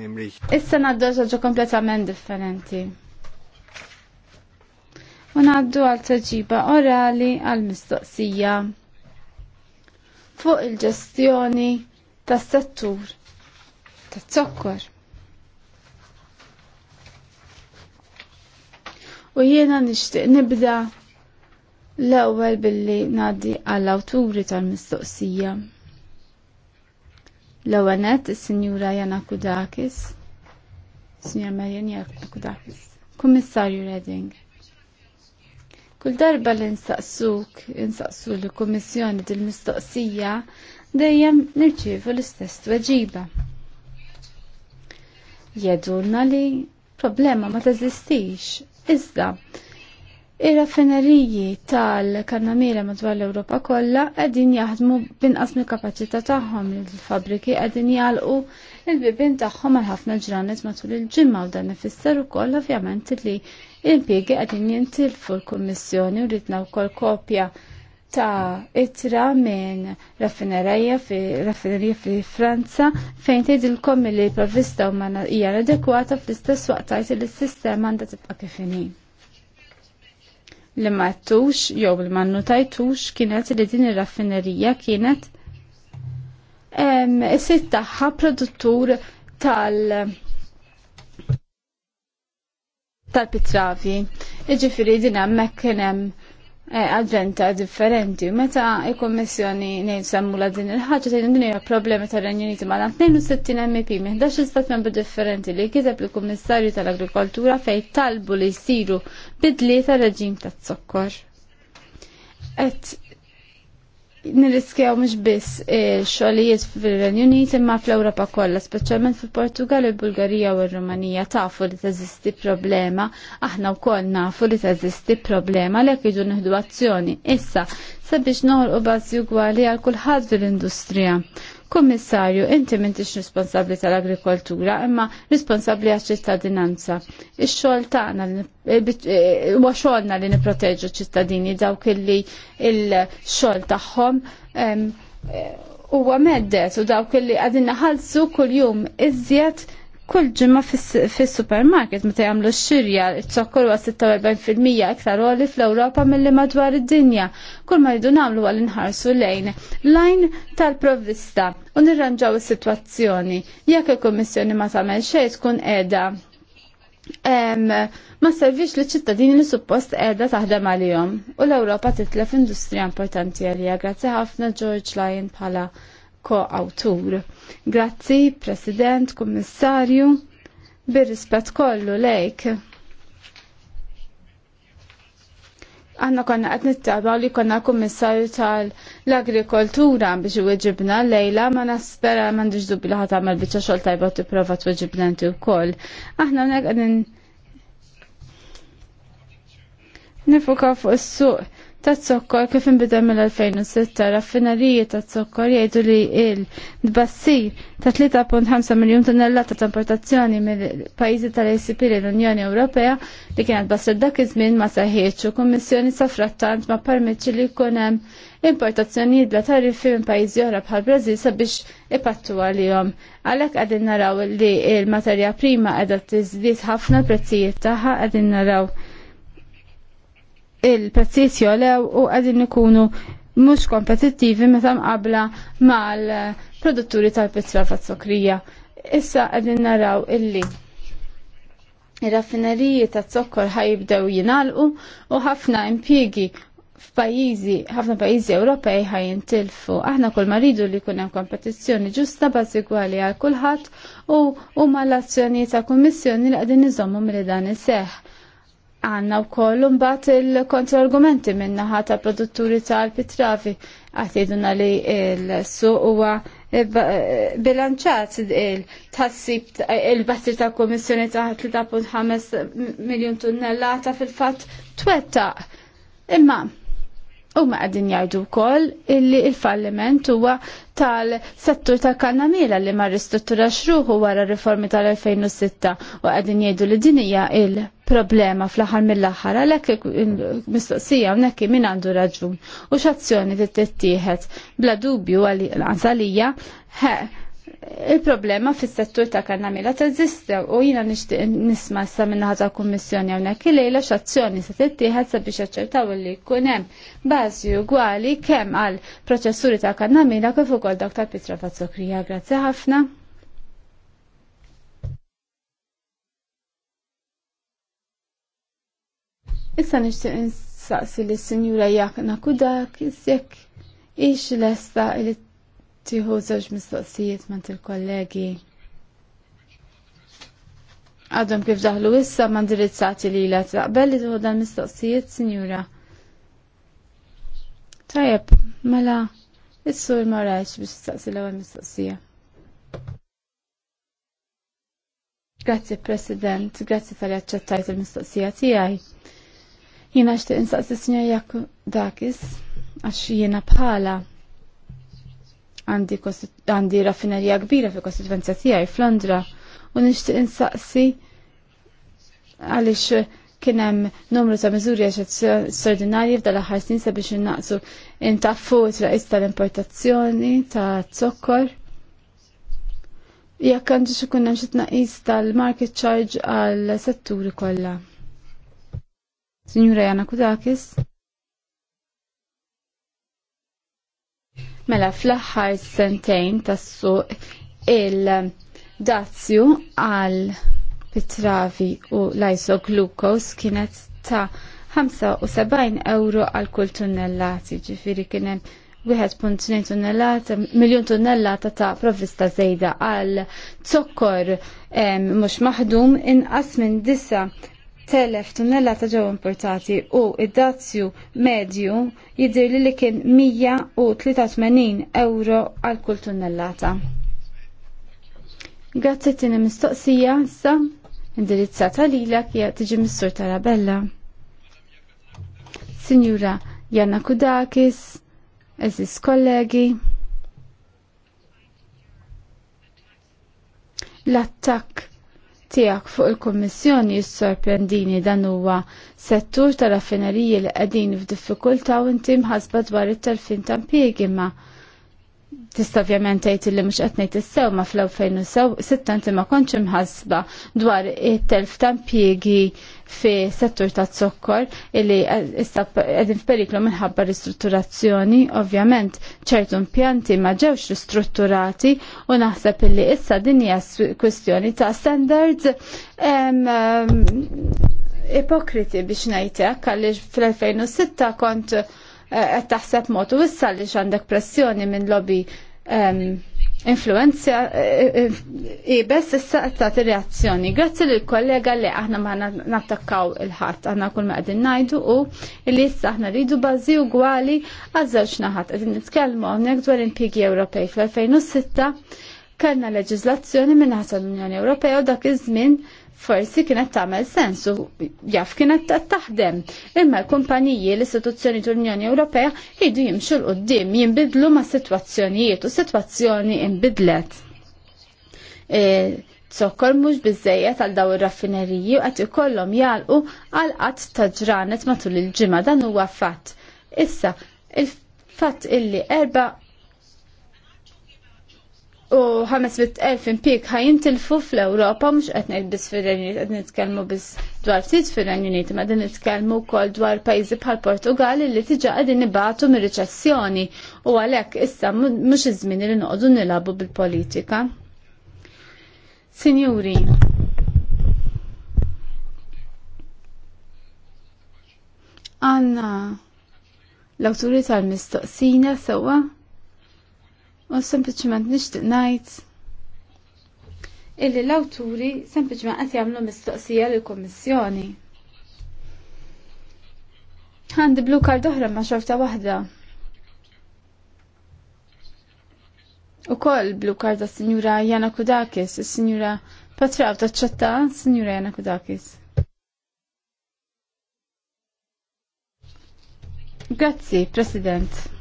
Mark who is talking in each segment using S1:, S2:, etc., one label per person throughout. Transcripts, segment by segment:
S1: nämlich. Issa naddu ġoġo kompletament differenti. U għal taġiba orali għal mistoqsija fuq il-ġestjoni tas settur ta' zokkor U jiena nixtieq nibda l-ewwel billi ngħaddi għall-awturi tal-mistoqsija. L-ewenet, il-Sinjura Jana Kudakis, Sinjura Marjan Jana Kudakis, Kummissarju Redding. Kull darba li nsaqsuk, nsaqsu l kummissjoni dil-mistoqsija, dejjem nirċievu l-istess tweġiba. Jedulna li problema ma teżistix, iżda Ir-raffineriji tal-kannamira madwar l-Ewropa kollha qegħdin jaħdmu binqas mill-kapaċità tagħhom il-fabriki qegħdin jagħlqu il-bibien tagħhom għal ħafna ġranet matul il-ġimgħa u dan ifisser ukoll ovvjament li l-impjiegi qegħdin jintilfu l-Kummissjoni u ridna wkoll kopja ta' itra minn raffinerija fi raffinerija fi Franza fejn tgħidilkom li provvista hija adekwata fl-istess waqt tajt li s-sistema għandha tibqa' kif li ma tux jew li ma notajtux kienet li din ir-raffinerija kienet is-sit tagħha produttur tal- tal-pitravi. Iġifiri din hemmhekk kien hemm Eh, adventa differenti. Meta i kommissjoni nejn la din il-ħagġa tgħid din hija problemi tar-Renju Uniti mala 62 MP minn dax stat membru differenti li kiteb il-Kummissarju tal-Agrikoltura fejn talbu li jsiru bidli tar-reġim ta' zokkor Et nirriskjaw mhux biss eh, xogħlijiet fir-Renju Unit imma fl-Ewropa kollha, speċjalment fil-Portugal, il-Bulgarija u r-Rumanija tafu li teżisti problema, aħna wkoll nafu li teżisti problema li jridu nħdu azzjoni. Issa sabiex noħolqu bażi ugwali għal kulħadd fil-industrija. Kommissarju, inti m'intix responsabli tal-agrikoltura, imma responsabli għax-ċittadinanza. Ix-xogħol tagħna eh, eh, huwa xogħolna li nipproteġu ċittadini dawk illi il-xogħol tagħhom eh, huwa meddet u dawk għadinna qegħdin naħallsu kuljum iżjed kull ġimma fis-supermarket meta jagħmlu x-xirja iċ-ċokkol 46% iktar għoli fl-Ewropa milli madwar id-dinja. Kull ma rridu nagħmlu għal nħarsu lejn lajn tal-provvista u nirranġaw is-sitwazzjoni. Jekk il-Kummissjoni ma tagħmel xejn tkun qiegħda ma servix li ċittadini li suppost qiegħda taħdem għalihom u l-Ewropa titlef industrija importanti għalija. Grazzi ħafna George Lyon bħala ko-awtur. Grazzi, President, Kummissarju, bir-rispett kollu lejk. Għanna konna għad nittaba li konna kummissarju tal-agrikoltura biex għedġibna lejla ma naspera mandiġ dubbi li ħat għamal bieċa xol tajba t-prova t-uġibna u koll. Aħna għadin nifuka fuq s-suq ta' zokkor kif inbidem mill-2006 raffinariji ta' Tzokkor jgħidu li il-dbassir ta' 3.5 miljon tonnella ta' importazzjoni mill-pajjiżi tal-ACP l-Unjoni Ewropea li kienet basra dak iż-żmien ma saħħiex u kummissjoni sa frattant ma permetti li jkun hemm importazzjoni bla tariffi minn pajjiżi oħra bħal Brażil sabiex ipattu għalihom. Għalhekk qegħdin naraw li l-materja prima qiegħda tiżdied ħafna prezzijiet tagħha qegħdin naraw il-prezzijiet jolew u għadin ikunu mhux kompetittivi meta mqabla mal-produtturi tal-petrol fat-sokrija. Issa għadin naraw illi ir-raffineriji ta' sokkor ħajibdew jingħalqu u ħafna impjiegi f'pajjiżi, ħafna pajjiżi Ewropej ħajintilfu. Aħna kull maridu li kunem hemm kompetizzjoni ġusta bażi gwali għal kulħadd u huma l-azzjoni ta' kummissjoni li qegħdin niżommhom li dan iseħħ għanna u koll mbagħad il-kontra-argumenti minnaħa ta' produtturi tal-pitrafi għatiduna li l-suq huwa eh, eh, bilanċat il-tassib il-battri ta' komissjoni ta' 3.5 miljon tunnellata fil-fat twetta. Imma, u ma' għadin jajdu kol illi il-falliment huwa tal-settur tal-kannamela li ma ristruttura xruħu wara riformi tal-2006 u għadin jgħidu li din hija il-problema fl-aħħar mill-aħħar għalhekk mistoqsija hawnhekk min għandu raġun u x'azzjoni tittieħed bla dubju għal għazalija il-problema fis settur ta' kannamela teżistew u jina nixtieq nisma sa minnaħa ta' kummissjoni hawnhekk ilejla x'azzjoni se tittieħed sabiex aċċertaw li jkun hemm bażi ugwali kemm għal proċessuri ta' kannamela kif ukoll doktor ta' pitra Fazzokrija. Grazzi ħafna. Issa nixtieq insaqsi lis-Sinjura Jakna Kudak jekk ix lesta li tiħu zewġ mistoqsijiet ma' il-kollegi. Għadhom kif daħlu issa ma ndirizzati li la taqbel li tuħu dan mistoqsijiet, sinjura. Tajab, mela, is-sur marraċ rajx biex tistaqsi l-ewwel mistoqsija. Grazzi President, grazie tal aċċettajt il-mistoqsija tiegħi. Jiena xtieq insaqsi Sinjor Jakub Dakis għax jiena bħala għandi raffinerija kbira fi kostituenza tiegħi f'Londra u nixtieq insaqsi għaliex kien hemm numru ta' miżuri straordinarji f'dan l-aħħar snin sabiex innaqsu intaffu traqis tal-importazzjoni ta' zokkor. Jekk għandu xi hemm xi tnaqqis tal-market charge għal setturi kollha. Signora Jana Kudakis. Mela fl-aħħar sentejn tas-suq il-dazzju għal pitravi u l-isoglucose kienet ta' 75 euro għal kull tunnellati, ġifiri kienem 1.2 tunnellata, miljon tunnellata ta' provvista zejda għal zokkor mux maħdum inqas minn 9 telef tunnella ta' ġew importati u id-dazzju medju jidir li li kien 183 euro għal kull tunnellata. Grazzi tina mistoqsija issa indirizzata lila kija tiġi missur Tarabella. Signora Janna Kudakis, eżis kollegi, l-attak tijak fuq il-Kummissjoni jissorprendini dan huwa settur tal raffineriji li qegħdin f'diffikultà u inti mħasba dwar it-telfin ta' impjiegi ma' tista' ovvjament tgħid li mhux qed ngħid issew ma fl-2006 inti ma kontx imħassba dwar it-telf ta' impjiegi fi settur ta' zokkor illi issa qegħdin f'periklu minħabba ristrutturazzjoni, ovvjament ċertu impjanti ma ġewx ristrutturati u naħseb illi issa din hija kwestjoni ta' standards ipokriti biex ngħidlek għaliex fl-2006 kont qed taħseb mod u issa li għandek pressjoni minn lobby influenza e, e, e, ibes issa qed reazzjoni. Grazzi lil kollega li aħna ma nattakkaw il-ħadd aħna kull ma qegħdin ngħidu u li issa aħna rridu bażi ugwali għaż-żewġ naħat qegħdin nitkellmu hawnhekk dwar impjiegi Ewropej fl-2006 kellna leġiżlazzjoni minn ħasab l-Unjoni Ewropea u dak iż-żmien forsi kienet tagħmel sens u jaf kienet taħdem. Imma l-kumpaniji l-istituzzjoni tal-Unjoni Ewropea jridu jimxu l qudiem jinbidlu ma' sitwazzjonijiet u sitwazzjoni inbidlet. E, Zokkor mhux biżejjed għal daw ir-raffineriji u qed ikollhom jalqu għal qatt ta' ġranet matul il-ġimgħa dan huwa fatt. Issa, il-fatt illi erba' u 500.000 impik jintilfu fl-Ewropa mhux qed ngħid biss fir għetnajt qed nitkellmu biss dwar ftit fir-Renjuniet ma t nitkellmu wkoll dwar pajjiżi bħal Portugali li t-ġa għedin nibatu mir-riċessjoni u għalhekk issa mhux iż li li noqogħdu nilagħbu bil-politika. Signori, Anna, l-awturi tal-mistoqsina sewa? So u sempliciment nixtieq ngħid illi l-awturi sempliċement qed jagħmlu mistoqsija lill kommissjoni Għandi blu kard oħra ma' xorta waħda. U koll blu kard tas-Sinjura Jana Kudakis, is-Sinjura Patraw taċċetta, Sinjura Jana Kudakis. Grazzi, President.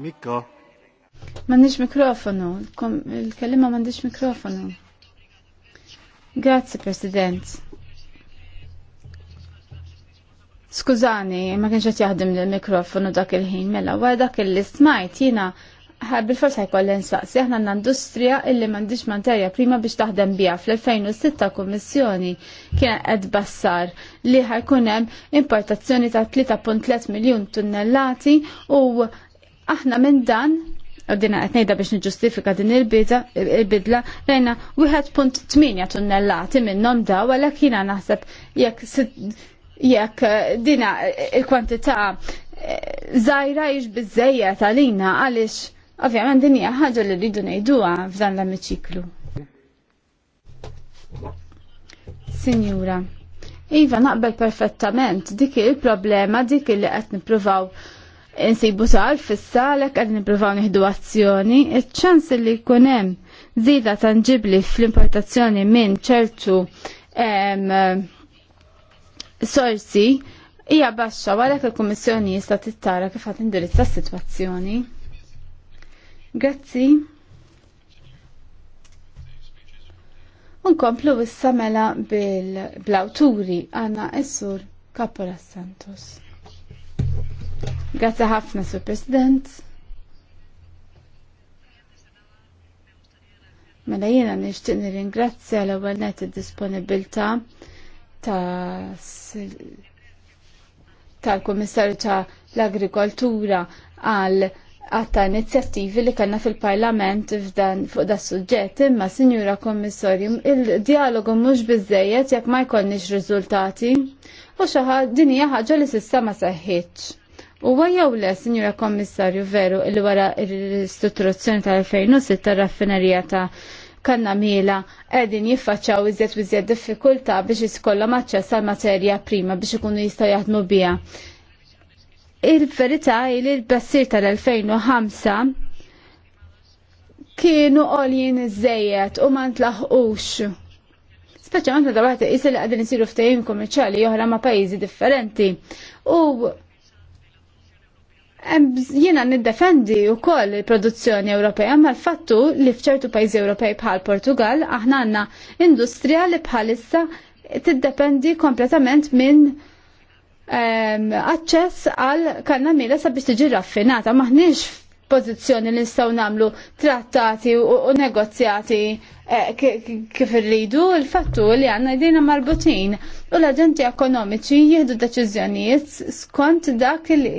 S1: Mikko. M'għandix mikrofonu, il-kelima m'għandix mikrofonu. Grazzi, President. Skużani, ma kienx qed jaħdem il-mikrofonu dak il-ħin mela, wara dak il smajt jiena bil-forsa jkoll insaqsi aħna għandna industrija illi m'għandix materja prima biex taħdem biha fl-2006 kummissjoni kien qed bassar li ħajkun hemm importazzjoni ta' 3.3 miljun tunnellati u aħna minn dan u dina għetnejda biex nġustifika din il-bidla, rejna 1.8 tunnellati minnom daw, għalek jina naħseb jekk jekk eh, dina eh, il-kwantità zaħira eh, iġ bizzejja tal-lina għalix ovvjament din hija ħaġa li rridu ngħiduha f'dan l emiciklu Sinjura, Iva naqbel perfettament dik il-problema dik li qed nippruvaw insibu sal fissalek għad niprofaw nihdu azzjoni, il-ċans li kunem zida tangibli fl-importazzjoni minn ċertu sorsi hija baxxa għalhekk il-Kummissjoni jista' tittara kif qed indirizza s-sitwazzjoni. Grazzi. Unkomplu wissamela bil blawturi għandna essur Kapola Santos. Grazie ħafna, Sur President. Mela jiena nixtieq nirringrazzja l-ewwel net id-disponibilità tal-Kummissarju ta' l-Agrikoltura għal għatta inizjattivi li kanna fil-Parlament f'dan fuq da' suġġett imma Sinjura Kommissarju il-dialogu mhux biżejjed jekk ma jkollniex riżultati u xi din hija ħaġa li s'issa ma seħħitx. U għajaw le, Signora Kommissarju, veru, il wara l-istrutturazzjoni tal-2006 tal-raffinerija ta' kannamila edin jiffaċċaw iżjed u iżjed diffikulta biex jiskolla aċċess għal materja prima biex ikunu jistgħu jaħdmu biha. Il-verità li l-bassir tal-2005 kienu għoljien iżejjed u ma ntlaħqux. Speċjalment meta waħda isel għadin isiru ftehim kummerċjali oħra ma' pajjiżi differenti. U Jiena niddefendi u koll il-produzzjoni Ewropea, ma l-fattu li fċertu pajzi Ewropej bħal Portugal, aħna għanna industrija li bħalissa tiddependi kompletament minn um, access għal kannamila sabiex tiġi raffinata. Maħniex pozizjoni li nistaw namlu trattati u, negozjati eh, kif irridu, il-fattu li għanna jdina marbutin u l-agenti ekonomiċi jihdu deċizjoniet skont dak li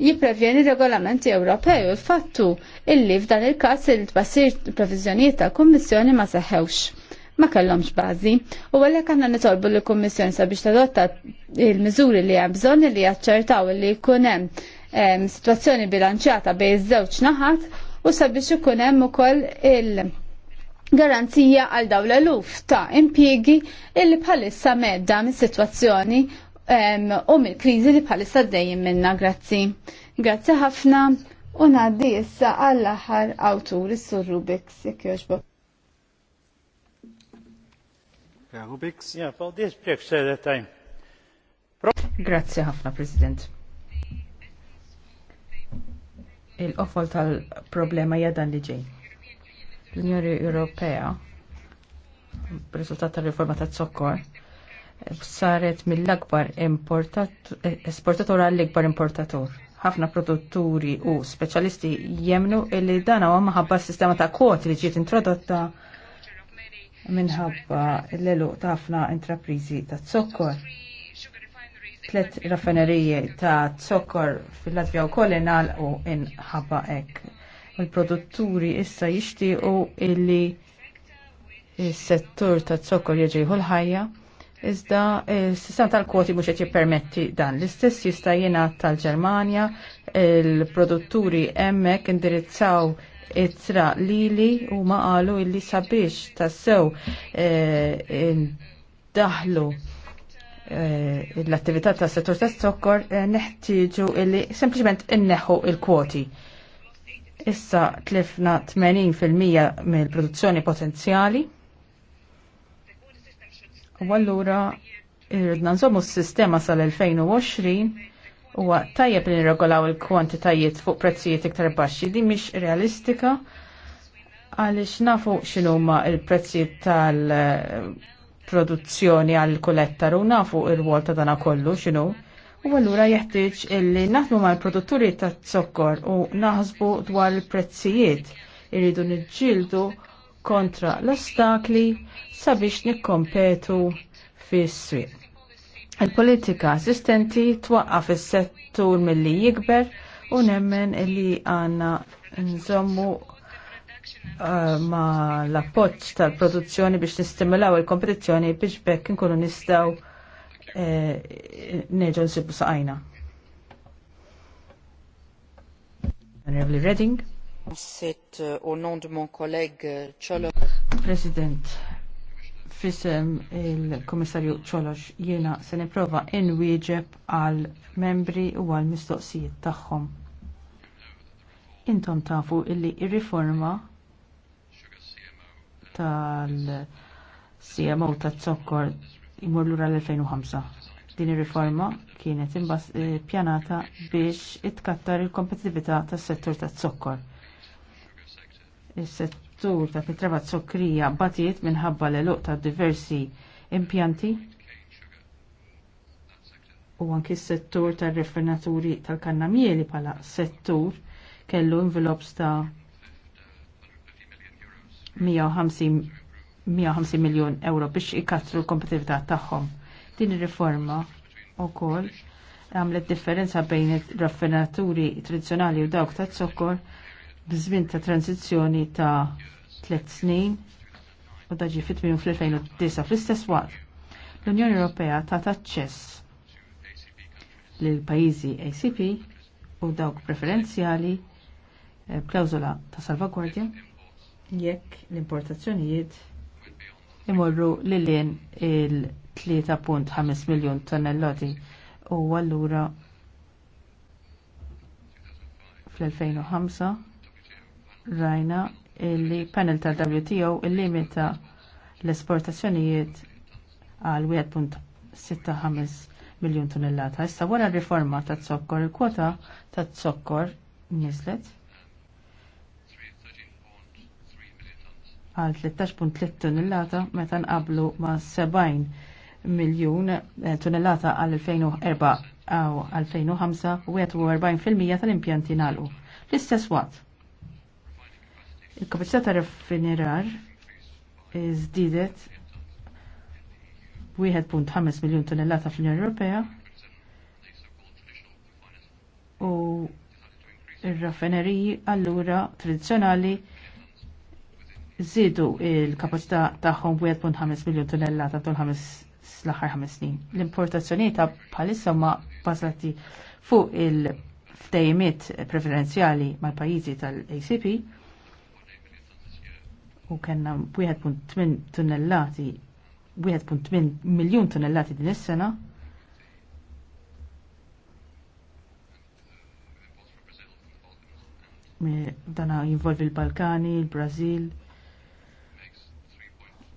S1: jipprevjeni regolamenti Ewropew il-fattu illi f'dan il-każ il-tbassir previżjonijiet tal-Kummissjoni ma seħewx. ma kellhomx bażi u għalhekk għandna nitolbu l kummissjoni sabiex tadotta il-miżuri li hemm bżonn li jaċċertaw li jkun hemm sitwazzjoni bilanċjata bejn iż-żewġ naħat u sabiex ikun hemm ukoll il- garanzija għal dawn l uf ta' impjiegi illi bħalissa medda mis-sitwazzjoni u mill-kriżi li bħalissa dejjem minna, grazzi. Grazzi ħafna u ngħaddi issa għall-aħħar awtur is-Sur Rubix jekk jogħġbok.
S2: Grazzi ħafna, President. Il-qofol tal-problema jadan li ġej. L-Unjoni Ewropea, b'riżultat tal-riforma ta' sokkor saret mill-akbar esportatur għall-ikbar importatur. Ħafna produtturi u speċjalisti jemnu illi dan huwa maħabba s-sistema ta' kwoti li ġiet introdotta minħabba l-eluq ta' ħafna intraprizi ta' zokkor. Tlet raffinerije ta' zokkor fil-Latvja u koll u inħabba ek. Il-produtturi issa u illi s-settur ta' zokkor jieġi ħajja Iżda eh, s-sistema tal-kwoti mhux qed jippermetti dan. L-istess jista' jingħad tal-Ġermanja, il-produtturi hemmhekk indirizzaw it-tra lili u maqalu qalu illi sabiex tassew eh, daħlu eh, l-attività tas settur tas sokkor neħtieġu illi sempliċement inneħħu il-kwoti. Issa tlifna 80% mill-produzzjoni potenzjali U allura irridna nżommu s-sistema sal-2020 Huwa tajjeb li nirregolaw il-kwantitajiet fuq prezzijiet iktar baxxi li mhix realistika għaliex nafu x'inhuma il-prezzijiet tal-produzzjoni għal kulettar u nafu ir-rwol ta' dana kollu x'inhu. U allura jeħtieġ illi naħdmu mal-produtturi ta' zokkor u naħsbu dwar il-prezzijiet irridu niġġieldu kontra l-ostakli sabiex nikkompetu fis-swieq. Il-politika assistenti twaqqaf is-settur milli jikber u nemmen li għanna nżommu eh, ma l-appoċ tal-produzzjoni biex nistimulaw il-kompetizzjoni biex bekk nkunu nistaw eh, neġu nsibu saqajna. Reading. Euh, euh, President, fisem il-Komissarju Ċolox jiena se nipprova inwieġeb għal membri u għal mistoqsijiet tagħhom. Intom tafu illi ir-riforma tal-CMO tat-sokkor imur lura l-2005. Din ir-riforma kienet imbas eh, pjanata biex itkattar il-kompetitività tas-settur tat-sokkor Is-settur ta' t-sokrija batiet minħabba l-eluq ta' diversi impjanti u anki s-settur tar refinaturi tal-kannamieli pala settur kellu envelops ta' 150, 150 miljon euro biex ikatru l-kompetitività tagħhom. Din ir-riforma wkoll għamlet differenza bejn ir raffinaturi tradizzjonali u dawk ta' zokkor bizmin ta' tranzizjoni ta' tliet snin u daġi fit minn fl-2009 fl-istess waqt. L-Unjoni Ewropea ta' taċċess l pajjiżi ACP u dawk preferenzjali eh, klawzola ta' salvaguardja jekk l-importazzjonijiet imorru lil-lien il-3.5 miljon tonnellati u allura fl-2005 rajna li panel tal-WTO il-limita l-esportazzjonijiet għal 1.65 miljon tonnellata. Issa wara riforma ta' zokkor, il-kwota ta' zokkor nizlet għal 13.3 tonnellata meta nqablu ma' 70 miljun eh, tonnellata għal 2004 għal 2005 u 40% tal-impjanti nalu. L-istess watt. Il-kapacità ta' raffinerar żdiedet 1.5 miljun tonnellata fl-Unjoni Ewropea u r raffineriji allura tradizzjonali żidu il-kapacità tagħhom 1.5 miljun tonnellata tul ħames l-aħħar ħames snin. L-importazzjonijiet ta' bħalissa ma bażati fuq il-ftejmiet preferenzjali mal-pajjiżi tal-ACP u kena 1.8 tonnellati 1.8 miljon tonnellati din is-sena. Dana jinvolvi l-Balkani, l brazil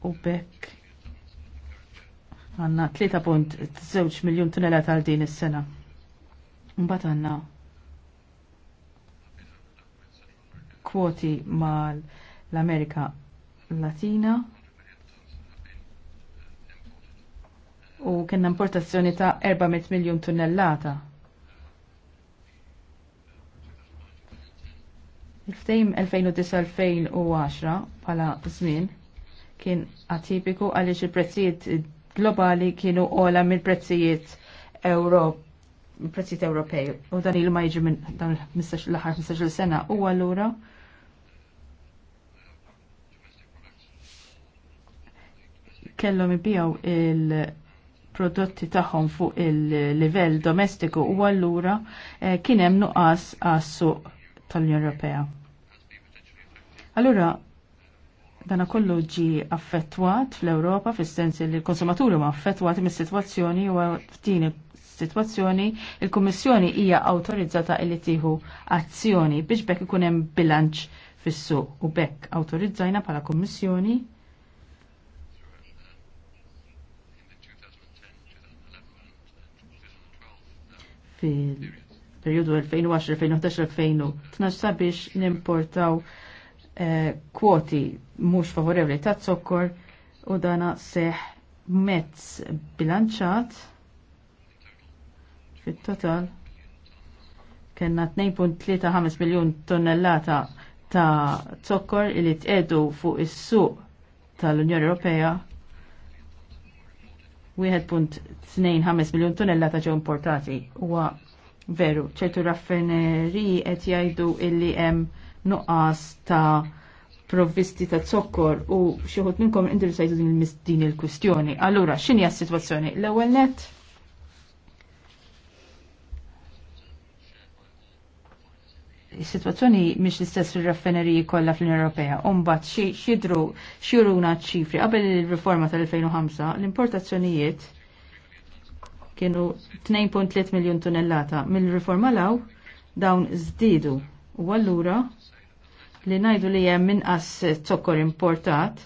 S2: u bekk għanna 3.2 miljon tunnellati għal din is-sena. Mbagħad għanna kwoti mal l-Amerika Latina u kena importazzjoni ta' 400 miljon tunnellata. Il-ftejm 2009-2010 pala żmien kien atipiku għaliex il-prezzijiet globali kienu ola mill-prezzijiet Ewrop prezzijiet Ewropej u dan il ma jiġi minn dan l-aħħar 15 sena u allura kellhom ibijaw il-prodotti tagħhom fuq il-livell domestiku u allura eh, kien hemm nuqqas għas-suq tal-Unjoni Ewropea. Allura dana kollu ġi affettwat fl ewropa fis-sens li l-konsumaturi ma affettwati mis-sitwazzjoni u f'din situazzjoni il-Kummissjoni hija awtorizzata li tieħu azzjoni biex bekk ikun hemm bilanċ fis-suq u bekk awtorizzajna bħala Kummissjoni fil-periodu 2012 sabiex nimportaw eh, kwoti mhux favorevoli ta' zokkor u dana seħ mezz bilanċat fit-total kena 2.35 miljon tonnellata ta' zokkor li t-edu fuq is-suq tal-Unjoni Ewropea 1.25 miljon tunnella ta' ġew importati huwa veru. ċertu raffineriji qed jgħidu illi hemm nuqqas ta' provvisti ta' zokkor u xi ħut minnkom indirsajtu din il-kwistjoni. Allura, x'inhi s-sitwazzjoni? L-ewwel net situazzjoni mhix l-istess fil-raffineriji kollha fl-Unjoni Ewropea. Umbat xidru xiruna ċifri qabel il-riforma tal-2005 l-importazzjonijiet kienu 2.3 miljon tonnellata mill-riforma law dawn żdiedu u allura li najdu li hemm inqas zokkor importat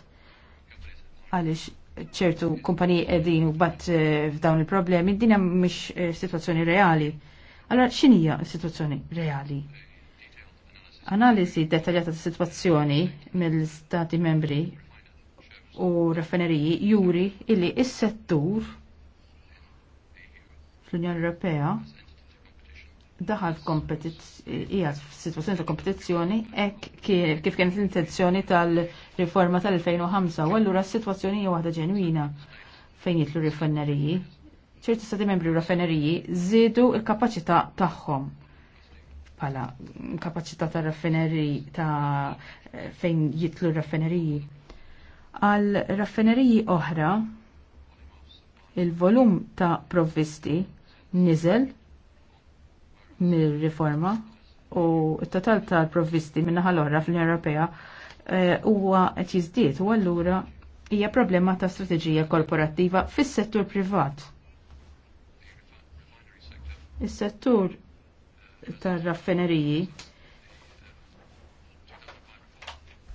S2: għaliex ċertu kumpaniji qegħdin u bat eh, f'dawn il-problemi, din hemm mhix eh, situazzjoni reali. Allora x'inhija s sitwazzjoni reali? Analiżi dettaljata ta' sitwazzjoni mill-Stati membri u raffineriji juri illi is-settur fl-Unjoni Ewropea daħal f'kompetizzjoni f'sitwazzjoni ta' kompetizzjoni hekk kif kienet l-intenzjoni tal-riforma tal-2005 u allura s-sitwazzjoni hija waħda ġenwina fejn jitlu raffineriji. ċerti stati membri raffineriji żiedu l kapaċità tagħhom pala kapacità ta' raffineri ta' fejn jitlu raffineriji. Għal raffineriji oħra, il-volum ta' provvisti nizel mir riforma u t-total ta' provvisti minna l-oħra fl-Unjoni Ewropea eh, huwa qed jiżdied u allura hija problema ta' strateġija korporattiva fis-settur privat. Is-settur tar-raffineriji.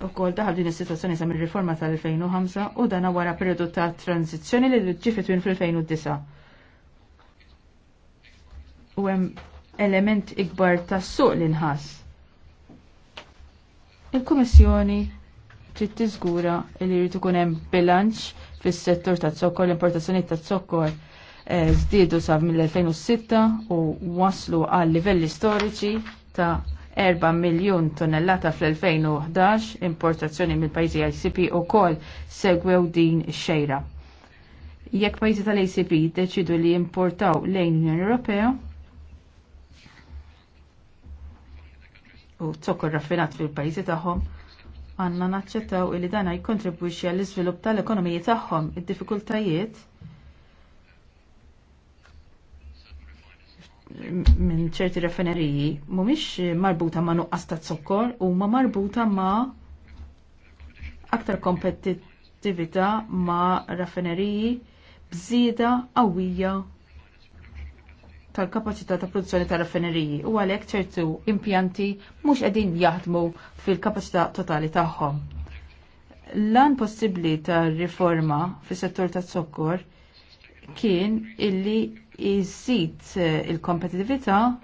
S2: U kol daħal din is situazzjoni sa mir-riforma tal-2005 u dana wara periodu ta' tranzizzjoni li ġifet minn fil-2009. U hemm element ikbar ta' suq li nħass. Il-Kummissjoni trid tiżgura li jrid ikun hemm bilanċ fis-settur ta' Zokkol l-importazzjoni ta' Zokkol. Eh, żdiedu sa mill-2006 u waslu għal livelli storiċi ta' 4 miljon tonnellata fl-2011 importazzjoni mill-pajzi ICP u kol segwew din xejra. Jekk pajzi tal-ICP deċidu li importaw lejn Unjoni Ewropea u t raffinat fil-pajzi tagħhom, għanna naċċettaw li dana jkontribwixxi għall-iżvilupp tal-ekonomiji tagħhom. Id-diffikultajiet minn ċerti refineriji mhumiex marbuta ma' nuqqas ta' zokkor u ma' marbuta ma' aktar kompetittività ma' raffineriji bżieda qawwija tal-kapacità ta' produzzjoni ta' raffineriji u għalhekk ċertu impjanti mhux qegħdin jaħdmu fil-kapaċità totali tagħhom. Lan possibbli ta' riforma fis settur ta' zokkor kien illi iżid eh, il-kompetitività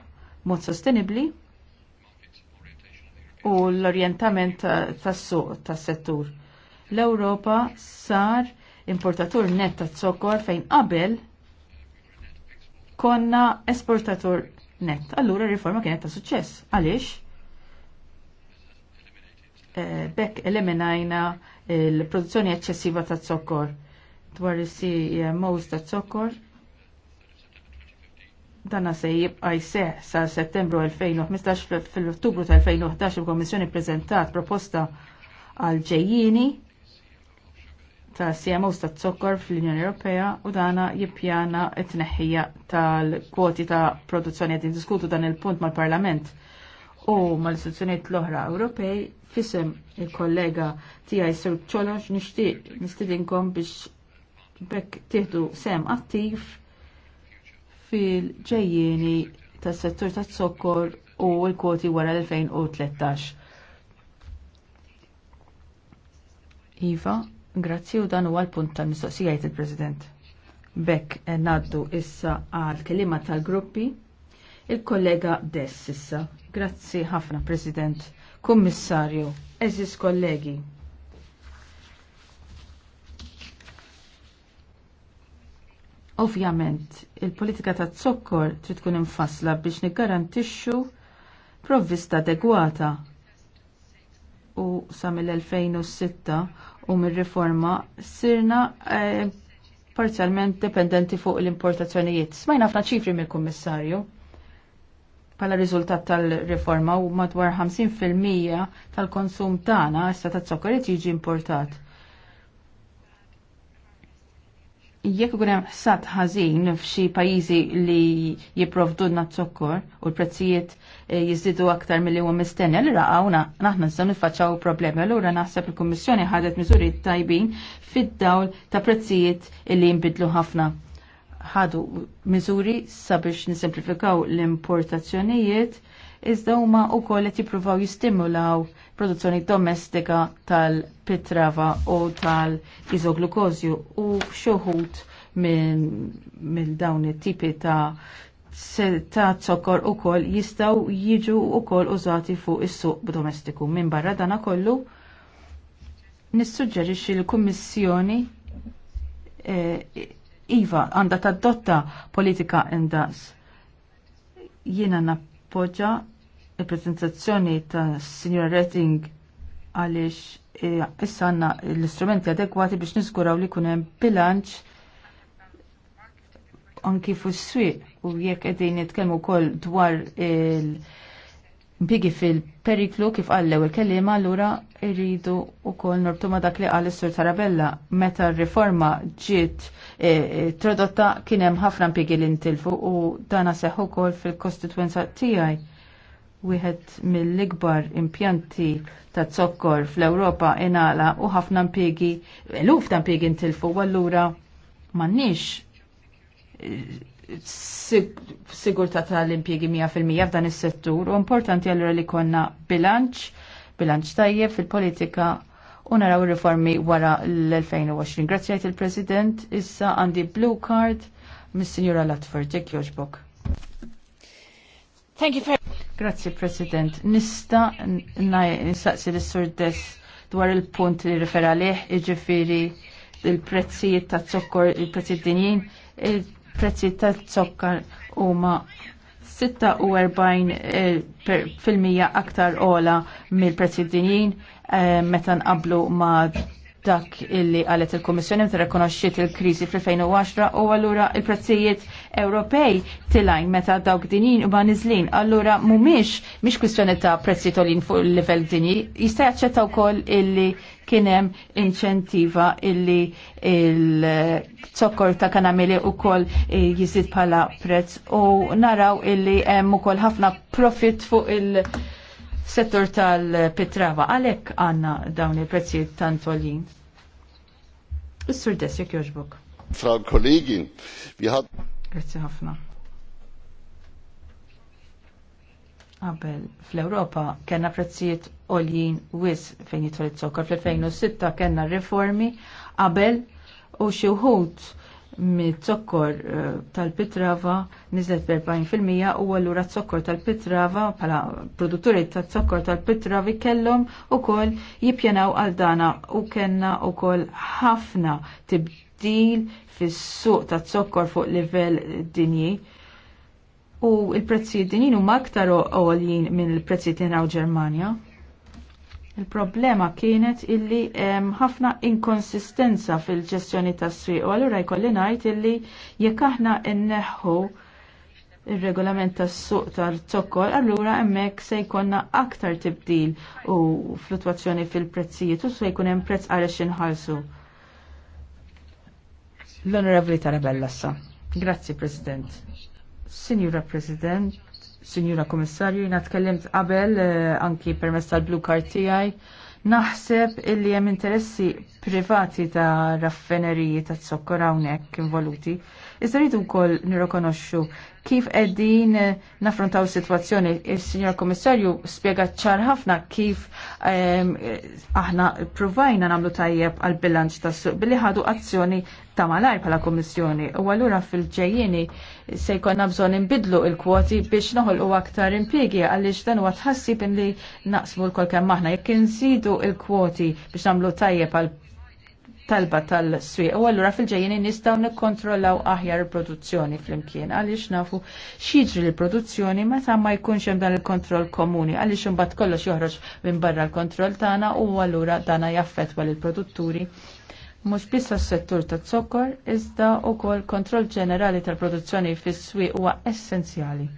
S2: mod sostenibbli u l-orjentament tas-suq tas-settur. L-Ewropa sar importatur net ta' zokkor fejn qabel konna esportatur net. Allura riforma kienet ta' suċċess. Għaliex? Eh, bekk eliminajna l-produzzjoni eċċessiva ta' zokkor dwar is mowz ta' zokkor Danna se jibqa jseħ sa settembru 2015 fil-ottubru tal 2011 il komissjoni prezentat proposta għal ġejjini ta' CMOs ta' zokkor fl-Unjoni Ewropea u dana jippjana t-tneħħija tal-kwoti ta' produzzjoni għed diskutu dan il-punt mal-Parlament u mal-istituzzjonijiet l-oħra Ewropej fisem il-kollega tiegħi Sir Ċolox nixtieq nistidinkom biex bekk tieħdu sem attiv fil-ġejjieni tas-settur tas-sokkor u l-kwoti wara l-2013. Iva, grazzi u dan huwa l-punt tal-mistoqsija jgħid il-President. Bekk eh, naddu issa għal kelima tal-gruppi il-kollega Dess issa. Grazzi ħafna President, Kummissarju, eżis kollegi. Ovvjament, il-politika ta' zokkor trid tkun infassla biex niggarantixxu provvista adegwata u sa mill-2006 u mir-riforma sirna eh, parzjalment dependenti fuq l-importazzjonijiet. Smajna fna ċifri mill-Kummissarju pala riżultat tal-riforma u madwar 50% tal-konsum tagħna issa ta' zokkor qed jiġi importat. jekk ikun hemm ħsad ħażin f'xi pajjiżi li jipprovdunna t-sokkor u l-prezzijiet eh, jiżdidu aktar milli huwa mistenni, allura hawnna naħna nistgħu niffaċċaw problemi. Allura naħseb il-Kummissjoni ħadet miżuri tajbin fid-dawl ta' prezzijiet li jinbidlu ħafna. Ħadu miżuri sabiex nisimplifikaw l-importazzjonijiet iżda huma wkoll qed jippruvaw jistimulaw produzzjoni domestika tal-pitrava u tal-izoglukozju u minn min dawn it-tipi ta' ta' zokkor u kol jistaw jiġu u kol użati fuq is-suq domestiku. Minn barra dana kollu, nissuġġerixi l-Kummissjoni eh, Iva għanda dotta politika indas. Jiena Poġġa, il-prezentazzjoni ta' Signora Retting għaliex eh, issa għanna l-istrumenti adekwati biex niskuraw li kunem bilanċ anki fuq s-swieq u jekk qegħdin nitkellmu wkoll dwar il- bigi fil-periklu kif għallew il-kellima allura irridu u kol nortu ma dak li għal sur Tarabella meta r-riforma ġiet eh, trodotta kienem ħafna bigi li ntilfu u dana seħu kol fil-kostituenza tijaj wieħed mill-ikbar impjanti ta' zokkor fl-Ewropa inala u ħafna impjegi, eluf ta' impjegi ntilfu, allura m'għandniex eh, sigurta tal-impjegi 100% f'dan is-settur u importanti allura li konna bilanċ, bilanċ tajjeb fil-politika u naraw riformi wara l-2020. Grazzjajt il-President, issa għandi blue card mis-Sinjura Latford, ġek joġbok. Thank you very Grazie President. Nista nistaqsi l-Sur dwar il-punt li referalih, iġifiri il-prezzijiet ta' zokkor, il-prezzijiet dinjin, prezzi tal-zokkar huma 46% eh, aktar ola mill-prezzi dinjin eh, meta nqablu ma' dak illi għalet il-Komissjoni tirrekonoxxiet il-kriżi fil 2010 u allura il-prezzijiet Ewropej tilajn meta dawk dinin u niżlin. Allura mhumiex mhix kwistjoni ta' prezzi tolin fuq il-livell dinji, jista' jaċċetta wkoll illi kien hemm inċentiva illi il-zokkor ta' kanamili wkoll eh, jiżid bħala prezz u naraw illi hemm ukoll ħafna profit fuq il- settur tal-Petrava. Għalek għanna dawn il-prezzijiet tantolin. Is-sur Desjek joġbuk.
S3: Fra kollegi, bieħad.
S2: Grazie ħafna. Qabel, fl-Europa kena prezzijiet oljin wis fejn jitħol it-sokkar. Fl-2006 kena riformi qabel u xi wħud mit-zokkor eh, tal-pitrava nizlet b-40% u għallura t-zokkor tal-pitrava pala produtturi tal-zokkor tal-pitravi kellhom u kol jipjenaw għal u kenna u kol ħafna tibdil fis-suq tal-zokkor fuq livell dinji u il prezzi dinjin huma aktar għoljin minn il-prezzijiet prezzi ġermanja. Il-problema kienet illi ħafna inkonsistenza fil-ġestjoni tas-swieq u allura jkolli ngħid illi jekk aħna nneħħu il-regolament tas suq tal-zokkol, allura hemmhekk se jkollna aktar tibdil u fluttwazzjoni fil-prezzijiet u se jkun hemm prezz għaliex inħallsu. L-Onorevoli Tarabella sa. Grazzi, President. Signora President, Signora Komissarju, jina tkellimt qabel eh, anki permess tal-blu card tiegħi. Naħseb illi hemm interessi privati ta' raffineriji ta' zokkor hawnhekk involuti. Iżda rridu wkoll nirrikonoxxu kif qegħdin naffrontaw is-sitwazzjoni. Is-Sinjor Kummissarju spjega ċar ħafna kif ehm, aħna provajna nagħmlu tajjeb għal bilanċ tas-suq billi ħadu azzjoni ta' malajr bħala Kummissjoni. U allura fil-ġejjieni se jkollna bżonn inbidlu il-kwoti biex noħolqu aktar impjiegi għaliex dan huwa tħassib li naqsmu l-kol kemm aħna. Jekk insidu il-kwoti biex nagħmlu tajjeb għal talba tal-swieq u allura fil-ġejjeni nistgħu nikkontrollaw aħjar il-produzzjoni flimkien għaliex nafu xieġri l-produzzjoni meta ma jkunx hemm dan il-kontroll komuni għaliex imbagħad kollox joħroġ minn barra l-kontroll tagħna u allura dana jaffettwa lill-produtturi mhux biss s settur taż-zokkor iżda wkoll kontroll ġenerali tal-produzzjoni fis-swieq huwa essenzjali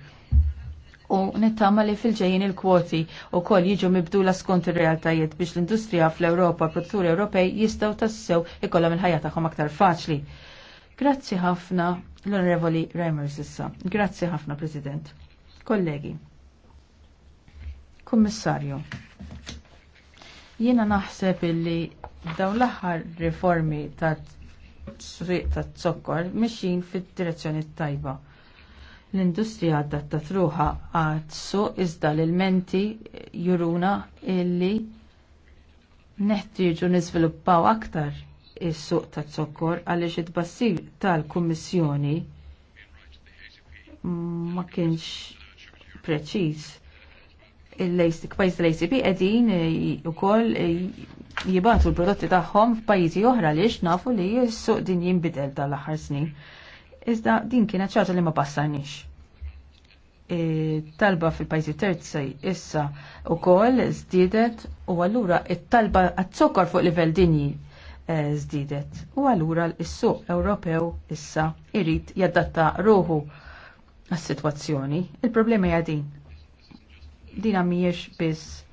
S2: u nittama li fil-ġejjin il-kwoti u koll jiġu mibdula skont ir-realtajiet biex l-industrija fl-Ewropa produtturi Ewropej jistgħu tassew ikollhom il-ħajja tagħhom aktar faċli. Grazzi ħafna l-Onorevoli Reimers issa. Grazzi ħafna President. Kollegi. Kummissarju. Jiena naħseb illi dawn l-aħħar riformi ta' triq ta' zokkor mixin fid-direzzjoni tajba L-industrija adattat ruħa su iżda l-elementi juruna illi neħtieġu niżviluppaw aktar is-suq ta' zokkor għaliex it-bassir tal-Kummissjoni ma kienx preċiż il-pajis tal-ACP edin u koll jibatu l-prodotti taħħom f'pajjiżi oħra li nafu li s-suq din jimbidel tal aħħar snin. Iżda din kienet ċaġa li ma E, Talba fil-pajzi terzi issa u kol zdidet u għallura il talba għazzokar fuq livell dinji e, zdidet. U għallura l-suq Ewropew issa irrit jaddatta ruħu għas-situazzjoni. Il-problema hija din. Din mhijiex biss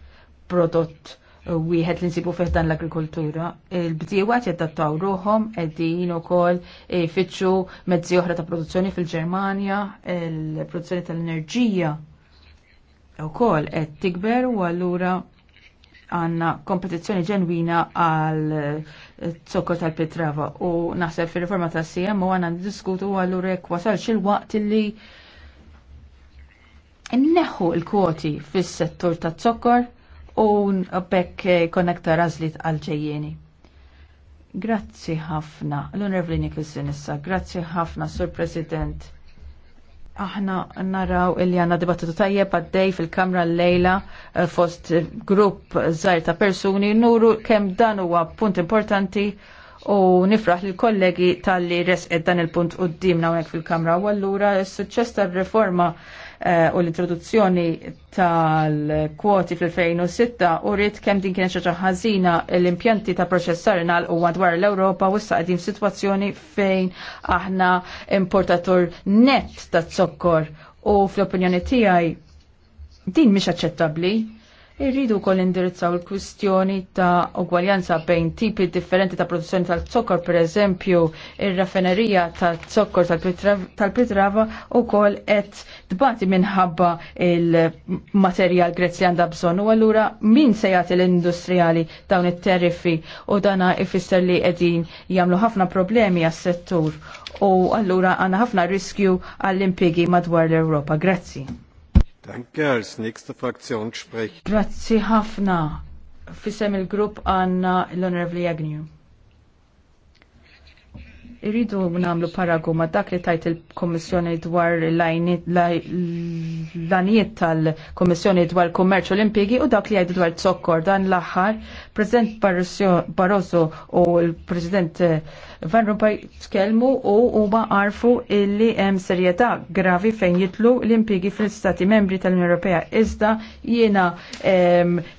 S2: prodott wieħed li nsibu fih dan l-agrikoltura. Il-bdiewa qed jattattaw ruhom qegħdin ukoll jfittxu eh, mezzi oħra ta' produzzjoni fil-Ġermanja, il-produzzjoni tal-enerġija ukoll qed tikber u allura għanna kompetizzjoni ġenwina għal eh, zokkor tal-Petrava u naħseb fil-riforma ta' CM u għanna diskutu għallura jekk wasalx il-waqt li neħu il-kwoti fis-settur ta' zokkor u bekk eh, konnekta razlit għalġejjeni. Grazzi ħafna, l-Onorevoli Nicholson issa, grazzi ħafna, Sur President. Aħna naraw li għanna dibattitu tajjeb għaddej fil-kamra l-lejla eh, fost grupp zaħir ta' persuni nuru kem dan huwa punt importanti u nifraħ li kollegi tal-li resqed dan il-punt u d-dimna fil-kamra. U għallura, s-suċċess reforma Eh, u l-introduzzjoni tal-kwoti fl-2006 u rrit kemm din kienet xaġa ħażina l-impjanti ta' proċessar nal u madwar l-Ewropa u issa qegħdin f'sitwazzjoni fejn aħna importatur net ta' zokkor u fl-opinjoni tiegħi din mhix aċċettabbli Irridu kol indirizzaw il-kwistjoni ta' ugwaljanza bejn tipi differenti ta' produzzjoni tal-zokkor, per eżempju, il raffinerija tal-zokkor tal-Pitrava u kol et dbati minħabba il-materjal grezzi għanda bżon. U għallura min se jagħti l-industrijali dawn it-terrifi u dana ifisser li qegħdin jagħmlu ħafna problemi għas-settur u allura għandna ħafna riskju għall-impjegi madwar l-Ewropa. Grazzi. Grazzi ħafna. Fisem il-grupp għanna l-Honorable Agnew. Irridu namlu paragu ma dak li tajt il komissjoni dwar l-anijiet tal komissjoni dwar Kommerċ Olimpiki u dak li għajdu dwar t-sokkor dan l-axar. President Barroso u l-President eh, Van Rompuy tkellmu u huma għarfu illi hemm serjetà gravi fejn jitlu l-impjegi fl-Istati Membri tal-Unjoni Ewropea iżda jiena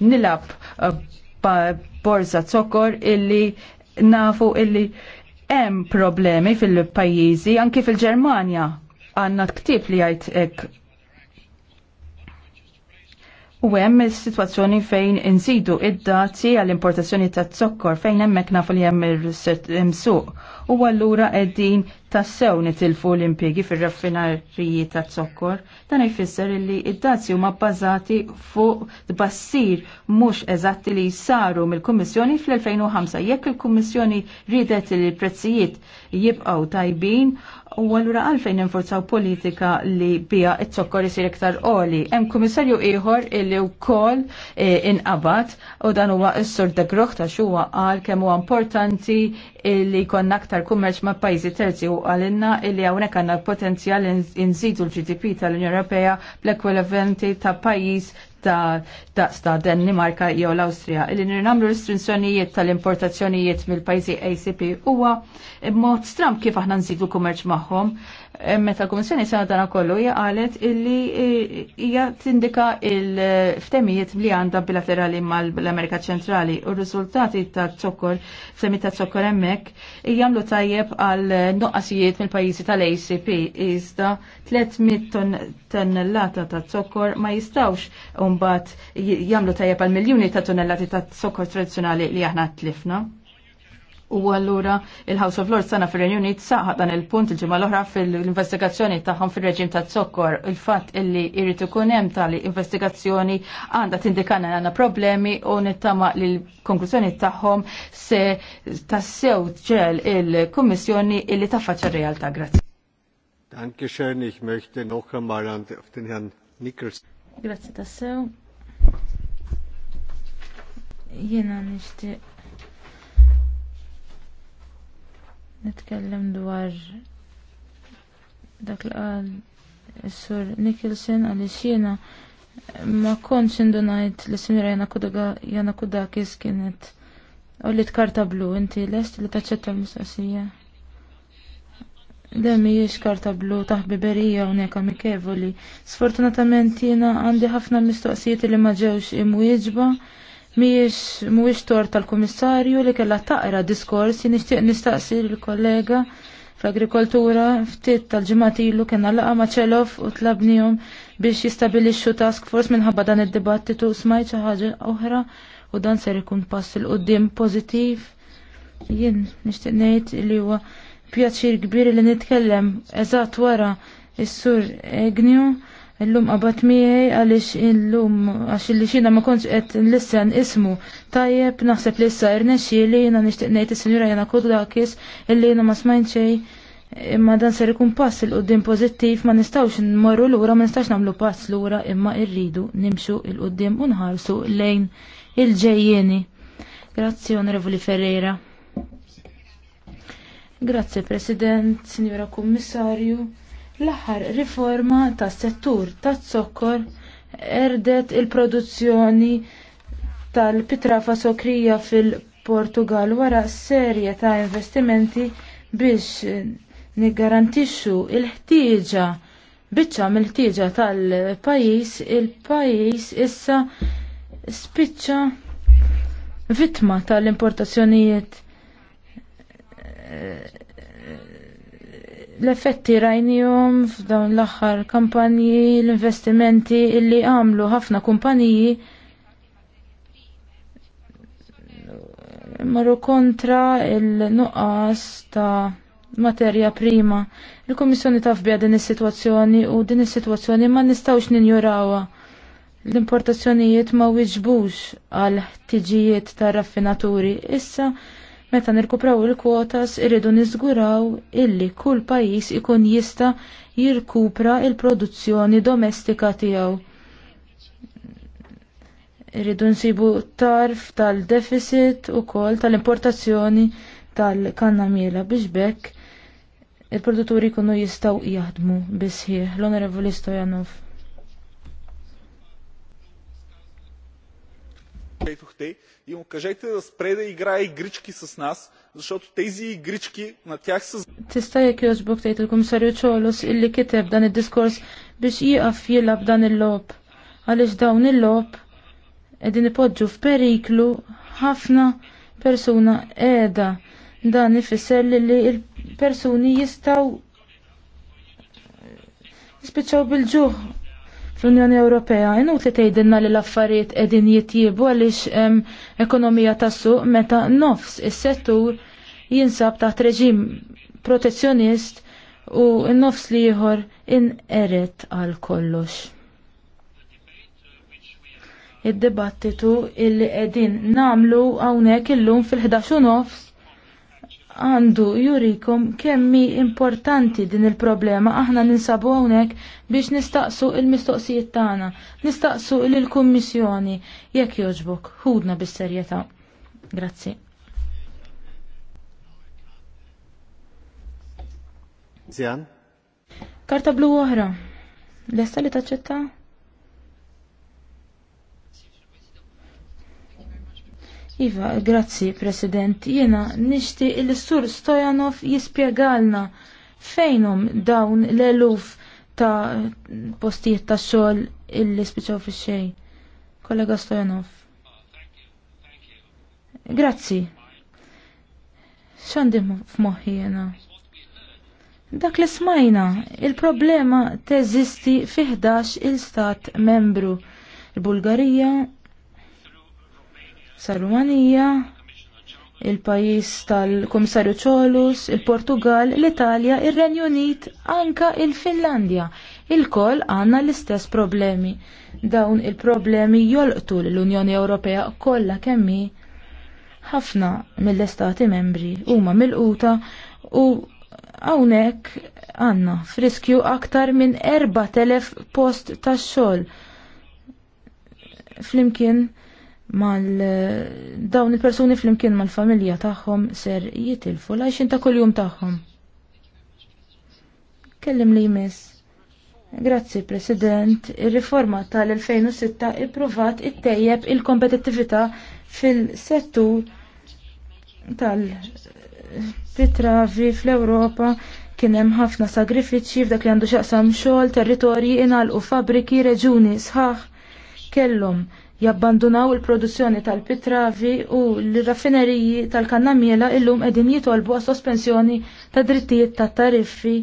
S2: nilab eh, borza zokkor illi nafu illi Hemm problemi fil-pajjiżi anki fil-Ġermanja għandna ktieb li jgħid hekk. U hemm is-sitwazzjoni fejn insidu id-dati għall-importazzjoni ta' zokkor fejn hemmhekk nafu li hemm suq u allura qegħdin tassew nitilfu l impiegi fir-raffinariji ta' zokkor, dan jfisser li id-dazzi huma bbażati fuq tbassir mhux eżatti li saru mill-Kummissjoni fl-2005 jekk il-Kummissjoni ridet li l-prezzijiet jibqgħu tajbin U għallura għalfejn ninforzaw politika li bija it-sokkor isir iktar oli. Hemm kummissarju ieħor illi wkoll e, inqabad u dan huwa s-sur de Groch ta' xuwa qal kemm huwa importanti li jkollna aktar kummerċ ma' pajjiżi terzi u għalinna illi hawnhekk għandna potenzjal inżidu l-GDP tal-Unjoni Ewropea bl-ekwivalenti ta' pajjiż ta' ta' Danimarka jew l-Awstrija. Li nirnamlu restrizzjonijiet tal-importazzjonijiet mill-pajjiżi ACP huwa mod stram kif aħna nżidu kummerċ magħhom meta l-Kummissjoni sena dana kollu hija qalet illi hija tindika il-ftemijiet li għandha bilaterali mal-Amerika Ċentrali u r-riżultati ta' ċokkor, semmi ta' ċokkor hemmhekk jagħmlu tajjeb għal noqqasijiet mill-pajjiżi tal-ACP iżda 300 tonnellata ta' ċokkor ma jistawx mbagħad jagħmlu tajjeb għal miljuni ta' tonnellati ta' ċokkor tradizzjonali li aħna tlifna. U allura il-House of Lords sana fir-Renju Unit saħħa dan il-punt il-ġimgħa l-oħra fil-investigazzjoni tagħhom fir-reġim ta' zokkor il-fatt illi jrid ikun hemm tali investigazzjoni għandha tindikana għandna problemi u nittama li l-konklużjoni tagħhom se tassew ġel il-Kummissjoni illi taffaċċa r-realtà. grazie.
S1: Danke ich möchte noch einmal an den Herrn Nichols.
S3: Grazie tassew. Jena nishtiq nitkellem dwar dak li qal is-sur Nicholson għaliex jiena ma kontx indunajt li Sinjura Jana Kudakis kienet u li tkarta blu inti lest li taċċetta l-mistoqsija. Le mhijiex karta blu taħbi berija hawnhekk amikevoli. Sfortunatament jiena għandi ħafna mistoqsijiet li ma ġewx imwieġba Miex mhuwiex tor tal-Kummissarju li kellha taqra diskorsi nixtieq nistaqsi l-kollega fl-agrikoltura ftit tal-ġimgħat ilu kellna laqa maċelof u tlabnihom biex jistabilixxu task force minħabba dan id-dibattitu smajt xi ħaġa oħra u dan ser ikun pass il qudiem pożittiv. Jien nixtieq ngħid li huwa pjaċir kbir li nitkellem eżatt wara is-sur Egnju Illum qabad miegħi għaliex illum għax li xina ma kontx qed nlissen ismu tajjeb naħseb li issa irnexxieli jiena nixtieq ngħid is-Sinjura Jana dakis illi jiena ma smajn xejn imma dan ser ikun pass il qudiem pożittiv ma nistgħux nmorru lura ma nistax nagħmlu pass lura imma rridu nimxu il qudiem u nħarsu lejn il-ġejjieni. Grazzi Onorevoli Ferreira. Grazzi President, Sinjura Kummissarju. L-aħħar riforma tas settur taż-zokkor erdet il-produzzjoni tal-pitrafa sokrija fil-Portugal wara serje ta' investimenti biex niggarantixxu il-ħtieġa biċċa mill-ħtieġa tal-pajjiż, il-pajjiż issa spiċċa vittma tal-importazzjonijiet l-effetti rajnijom f'dawn l-axħar kampanji, l-investimenti illi għamlu ħafna kumpaniji marru kontra il-nuqqas ta' materja prima. Il-Komissjoni taf bija din is-sitwazzjoni u din is-sitwazzjoni ma nistawx ninjurawa. L-importazzjonijiet ma wiġbux għal ħtiġijiet ta' raffinaturi. Issa Meta nirkupraw il-kwotas irridu niżguraw illi kull pajjiż ikun jista jirkupra il-produzzjoni domestika tiegħu. Irridu nsibu tarf tal-deficit ukoll tal-importazzjoni tal-kannamiela biex bekk il-produtturi jkunu jistgħu jaħdmu bisħi. L-Onorevoli Stojanov. Четохте и му кажете да спре да играе игрички с нас, защото тези игрички на тях са... Тиста jek joġbok tejt il-komissarju ċolos illi kiteb dan il-diskors biex jiqaf jilab dan il-lob. Għalix dawn il-lob edin ipoġġu f'periklu ħafna persuna edha. Dan ifisser li il-persuni jistaw jispiċaw bil-ġuħ fl-Unjoni Ewropea inutli tgħidilna li l-affarijiet qegħdin jitjiebu għaliex hemm ekonomija tas-suq meta nofs is-settur jinsab taħt reġim protezzjonist u n-nofs li ieħor inqeret għal kollox. Id-dibattitu illi qegħdin namlu hawnhekk illum fil-11 nofs għandu jurikom kemmi importanti din il-problema aħna ninsabu għonek biex nistaqsu il-mistoqsijiet tagħna, nistaqsu il-Kummissjoni jekk jogħġbok, ħudna bis-serjetà. Grazzi. Zjan. Karta blu oħra. Lesta li taċċetta? Iva, grazzi, President. Jena nixti il-sur Stojanov jispiegalna fejnum dawn l-eluf ta' postijiet ta' xogħol illi spiċaw fi xejn. Kollega Stojanov. Grazzi. Xandim f'moħħi jena. Dak li smajna, il-problema teżisti fi 11 il-stat membru. Il-Bulgarija, sal-Rumanija, il-pajis tal-Komissarju Ċolus, il-Portugal, l-Italja, ir-Renju Unit, anka il-Finlandja. Il-koll għanna l-istess problemi. Dawn il-problemi jolqtu l-Unjoni Ewropea kollha kemmi ħafna mill-Estati membri huma mill-quta u hawnhekk għandna friskju aktar minn 4000 post tax-xogħol flimkien mal dawn il-persuni flimkien mal-familja tagħhom ser jitilfu l-għajxin ta' kuljum tagħhom. Kellim li jmiss. Grazzi, President. Ir-riforma tal-2006 ippruvat ittejjeb il-kompetittività fil-settur tal-pitravi fl-Ewropa kien hemm ħafna sagrifiċċji f'dak li għandu xaqsam xogħol, territorji inalqu fabriki, reġuni sħaħ kellhom jabbandunaw il-produzzjoni tal-pitravi u l-raffineriji tal-kannamiela illum qegħdin jitolbu għas sospensjoni ta' drittijiet ta' tariffi.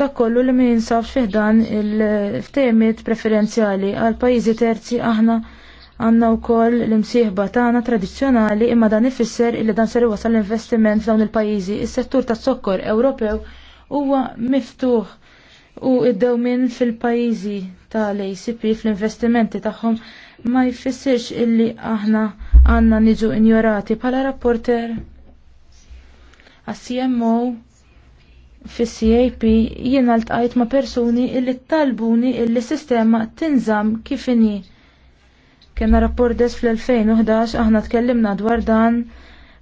S3: Dak kollu li min saf fiħdan il-ftemiet preferenzjali għal pajjiżi terzi aħna għanna u koll l-imsieħba tagħna tradizzjonali imma dan ifisser li dan ser wasal l-investiment f'dawn il-pajjiżi. Is-settur tas-sokkor Ewropew huwa miftuħ u id-dewmin fil-pajizi tal-ACP fl-investimenti tagħhom ma jfissirx illi aħna għanna niġu injorati bħala rapporter għas-CMO fis cap jiena ltqajt ma' persuni illi talbuni illi sistema tinżam kif inhi. Kena rapport des fl-2011 aħna tkellimna dwar dan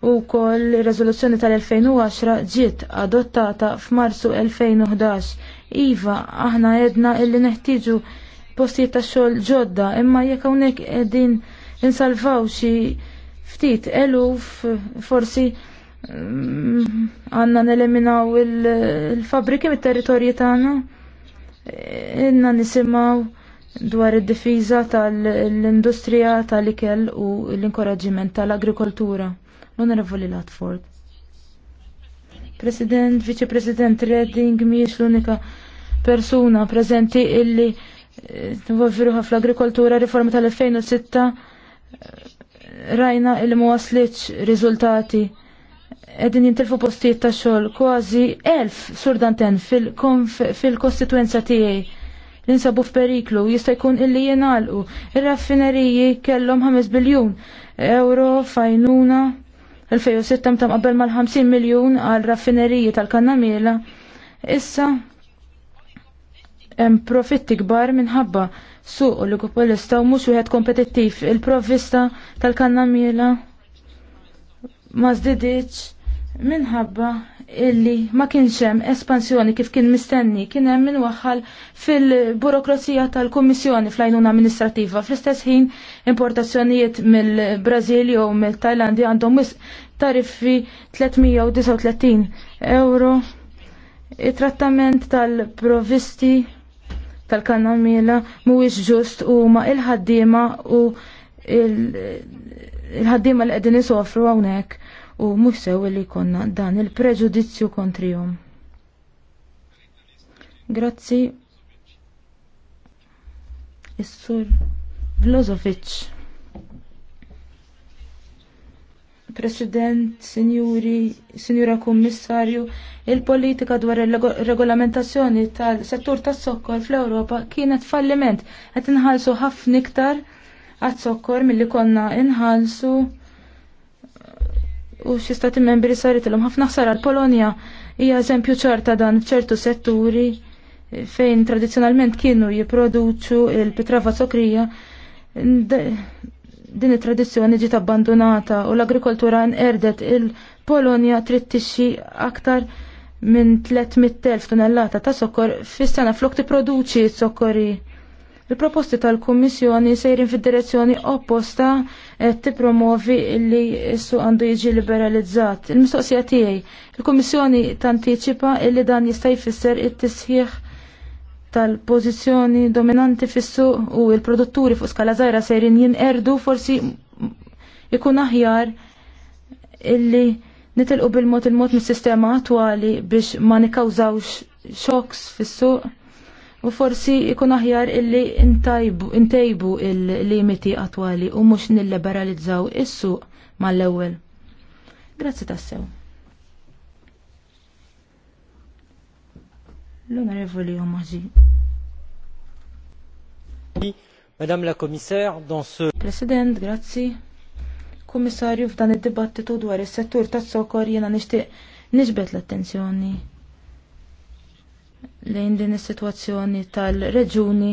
S3: u kol rezoluzzjoni tal-2010 ġiet adottata f'Marsu 2011 Iva, aħna edna illi neħtiġu postijiet ta' xogħol ġodda, imma jekk hawnhekk qegħdin insalvaw xi ftit eluf forsi mm, għanna neliminaw il-fabriki mit-territorji tagħna. Inna nisimaw dwar id-difiża tal-industrija tal-ikel u l-inkoraġġiment tal-agrikoltura. L-Onorevoli Latford. President, Vice President Redding miex l-unika persuna prezenti illi eh, t-nvolviru ħafna agrikoltura riforma tal-2006 eh, rajna illi ma waslitx riżultati edin jintilfu postijiet ta' xogħol kważi elf surdanten fil-kostituenza fil tiegħi li nsabu f'periklu jista' jkun illi jingħalqu. Ir-raffineriji kellhom 5 biljun euro fajnuna 2006 tam qabel mal-50 miljun għal raffineriji tal-kannamila, issa hemm profitti kbar minħabba suq ikupolista u mhux wieħed kompetittiv il-provvista tal-kannamila ma żdidiċ minħabba illi ma kienx hemm espansjoni kif kien mistenni, kien hemm min fil-burokrazija tal-Kummissjoni fl ajnuna amministrativa. Fl-istess ħin importazzjonijiet mill-Brażil jew mill tajlandi għandhom tariffi 339 euro. Il-trattament tal-provisti tal kanamila mhuwiex ġust u ma il-ħaddiema u il-ħaddiema li qegħdin isofru hawnhekk u mhux sew li jkollna dan il-preġudizzju kontrihom. Grazzi. Is-sur Vlozovic. President, Sinjuri, signora Kummissarju, il-politika dwar il-regolamentazzjoni tal-settur tas-sokkor fl-Ewropa kienet falliment qed inħallsu ħafna iktar għat-sokkor milli konna inħallsu u xi stati membri saret ilhom ħafna ħsara l-Polonja hija eżempju ċarta dan f'ċertu setturi fejn tradizzjonalment kienu jipproduċu il-pitrava sokrija din it-tradizzjoni ġiet abbandonata u l-agrikoltura nqerdet il-Polonja trid tixxi aktar minn 300.000 tonnellata ta' sokkor fis-sena flok tipproduċi s-sokkori Il-proposti tal-Kummissjoni sejrin fid-direzzjoni opposta qed tippromovi li issu għandu jiġi liberalizzat. Il-mistoqsija tiegħi, il-Kummissjoni tantiċipa li dan jista' jfisser it-tisħiħ tal-pożizzjoni dominanti fis-suq u l-produtturi fuq skala żgħira sejrin jinqerdu forsi ikun aħjar illi nitilqu bil-mod il-mod mis-sistema attwali biex ma nikkawżawx xoks fis-suq U forsi ikun aħjar illi intejbu il-limiti attwali u mhux liberalizzaw is-suq mal-ewwel. Grazzi tassew. L'onorevole Omaji. Madame la Commissaire, dans ce... President, grazzi. Kommissarju f'dan id-dibattitu dwar is-settur tas-sokor jiena nixtieq nixbet l-attenzjoni lejn din is-sitwazzjoni tal-reġuni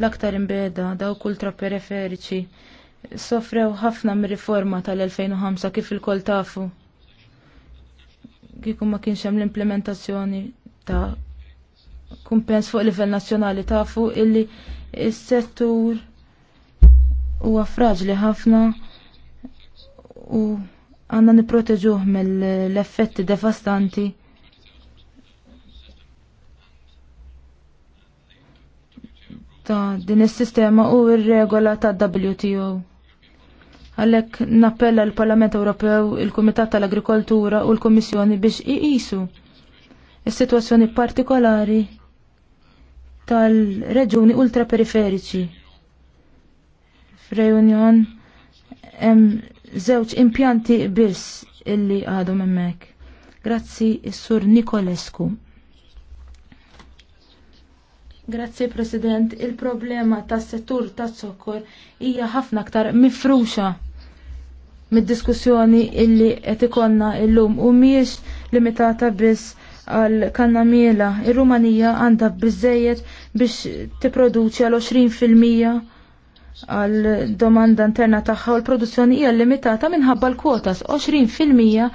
S3: l-aktar imbeda daw kultra periferiċi sofrew ħafna mir-riforma tal-2005 kif il-kol tafu. Kieku ma kienx hemm l-implementazzjoni ta' kumpens fuq livell nazzjonali tafu illi s-settur huwa fraġli ħafna u għandna nipproteġuh mill-effetti devastanti ta' din is-sistema u r-regola ta' WTO. Għalhekk nappella l-Parlament Ewropew, il-Kumitat tal-Agrikoltura u l-Kummissjoni biex iqisu is-sitwazzjoni partikolari tal-reġuni ultraperiferiċi. F'Reunion hemm żewġ impjanti biss illi għadhom hemmhekk. Grazzi is-Sur Nikolescu. Grazzi President, il-problema tas settur tas sokkor hija ħafna aktar mifruxa mid-diskussjoni illi qed ikonna llum u mhijiex limitata biss għal kannamiela. Ir-Rumanija għandha biżejjed biex tipproduċi għal 20% għal domanda interna tagħha u l-produzzjoni hija limitata minħabba l-kwotas 20%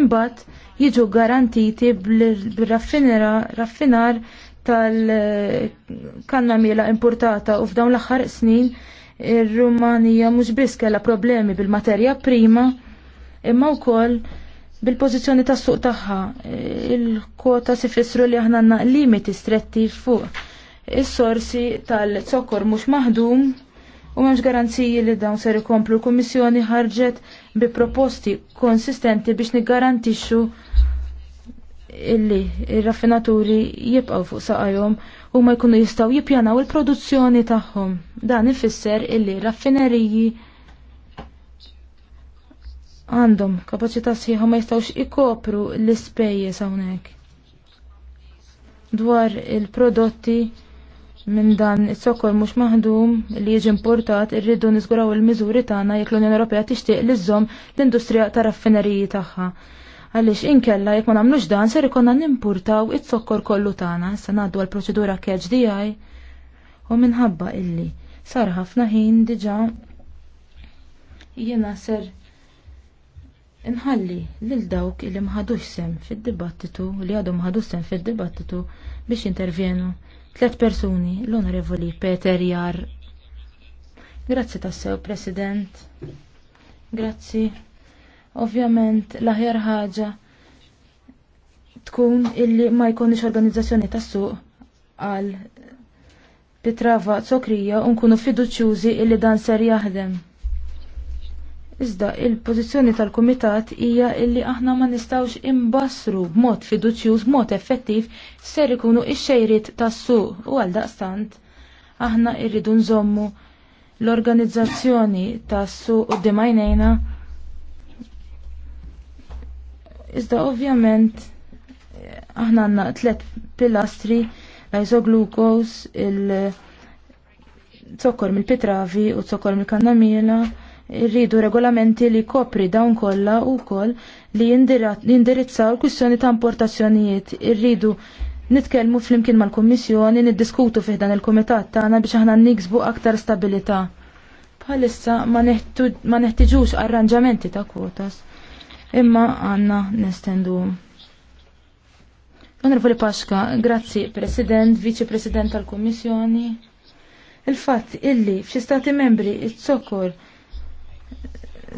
S3: imbagħad jiġu garantiti bil-raffinar tal-kanna miela importata u f'dawn l-aħħar snin ir-Rumanija mhux biss kellha problemi bil-materja prima imma wkoll bil-pożizzjoni tas-suq tagħha. Il-kwota si fissru li aħna għandna limiti stretti fuq is-sorsi tal-zokkor mhux maħdum u m'hemmx garanziji li dawn seri ikomplu. L-Kummissjoni ħarġet bi proposti konsistenti biex niggarantixxu illi il raffinaturi jibqgħu fuq saqajhom u ma jkunu jistgħu jippjanaw il-produzzjoni tagħhom. Dan ifisser illi raffineriji għandhom kapaċità sħiħa ma jistgħux ikopru l-ispejjeż hawnhekk. Dwar il-prodotti minn dan is-sokol mhux maħdum li jiġi importat irridu niżguraw il-miżuri tagħna jekk l-Unjoni Ewropea tixtieq liżżomm l-industrija tar-raffineriji tagħha. Għaliex inkella jekk ma nagħmlux dan ser ikonna nimpurtaw it-sokkor kollu tagħna se ngħaddu għal proċedura catch DI u minħabba illi sar ħafna ħin diġà jiena ser inħalli lil dawk illi mħadux sem fil dibattitu li għadu mħadux sem fil dibattitu biex intervjenu tliet persuni l-onorevoli Peter Jar. Grazzi tassew, President. Grazzi. Ovvjament l-aħjar ħaġa tkun illi ma jkunx organizzazzjoni tas-suq għal pitrava sokrija u nkunu fiduċjużi illi dan ser jaħdem. Iżda il-pożizzjoni tal-Kumitat hija illi aħna ma nistgħux imbassru b'mod fiduċjuż, b'mod effettiv ser ikunu x xejrit tas-suq u għal daqstant aħna irridu nżommu l-organizzazzjoni tas-suq u d-dimajnejna Iżda ovvjament aħna għandna tliet pilastri l-isoglucose, il-zokkor mill-pitravi u zokkor mill-kannamila, rridu regolamenti li kopri dawn kollha u koll li jindirizzaw l-kwistjoni ta' importazzjonijiet. Irridu nitkellmu flimkien mal-Kummissjoni niddiskutu fih dan il-Kumitat tagħna biex aħna niksbu aktar stabilità. Bħalissa ma neħtiġux arranġamenti ta' kwotas imma għanna nestenduhom. Onorevoli Paxka, grazzi President, Viċi President tal-Kommissjoni. Il-fatt illi f'xi stati membri il-sokkur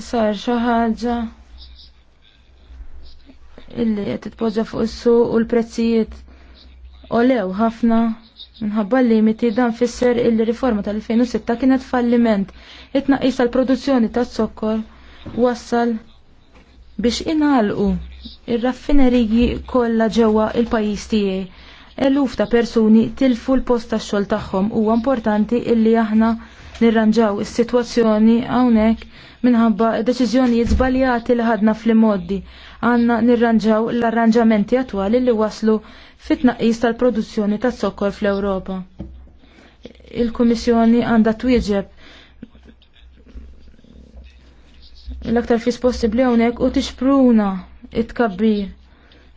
S3: sar xi ħaġa illi qed titpoġġa fuq issu u l-prezzijiet olew ħafna minħabba limiti dan fisser illi riforma tal-2006 kienet falliment. It-tnaqqis tal-produzzjoni tas-sokkor wassal biex inalqu ir-raffineriji kollha ġewwa il-pajjiż tiegħi. Eluf ta' persuni tilfu l-post tax-xogħol tagħhom huwa importanti illi aħna nirranġaw is-sitwazzjoni hawnhekk minħabba deċiżjonijiet żbaljati li ħadna fl immoddi Għanna nirranġaw l-arranġamenti attwali li waslu fit-tnaqqis tal-produzzjoni tas-sokkor fl-Ewropa. Il-Kummissjoni għandha twieġeb l-aktar fis possibbli hawnhekk u tixpruna it-kabbir.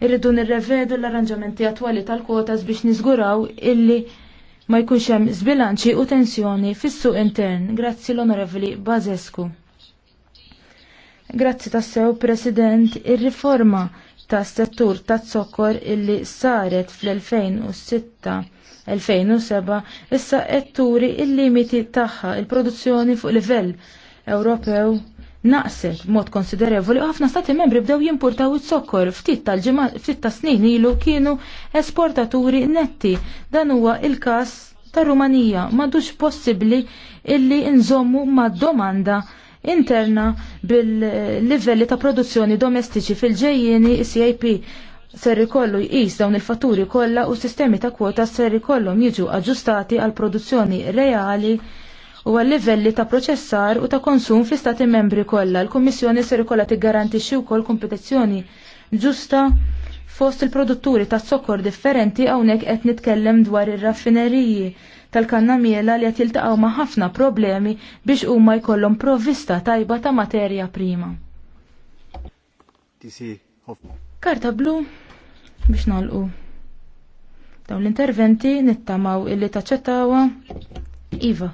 S3: Irridu nirrevedu l-arranġamenti attwali tal-kwotas biex niżguraw illi ma jkunx hemm żbilanċi u tensjoni fis-suq intern. Grazzi l-Onorevoli Bazescu. Grazzi tassew, President, ir-riforma tas settur ta' zokkor illi saret fl-2006 2007 issa qed turi il-limiti tagħha il-produzzjoni fuq livell Ewropew naqset mod konsiderevoli u ħafna stati membri bdew jimportaw it-sokkor ftit tal ftit ta' snin ilu kienu esportaturi netti. Dan huwa il-każ ta' Rumanija m'għadux possibbli illi nżommu mad domanda interna bil-livelli ta' produzzjoni domestiċi fil-ġejjieni CIP ser ikollu jqis dawn il-fatturi kollha u sistemi ta' kwota ser ikollhom jiġu aġġustati għal produzzjoni reali u għal livelli ta' proċessar u ta' konsum fl istati membri kollha. L-Kummissjoni ser ikolla tiggarantixxi wkoll kompetizzjoni ġusta fost il-produtturi ta' sokkor differenti hawnhekk qed nitkellem dwar ir-raffineriji tal-kannamiela li qed jiltaqgħu ma' ħafna problemi biex huma jkollhom provvista tajba ta' materja prima. Karta blu biex nalqu. Dawn l-interventi nittamaw illi taċċettawha Iva.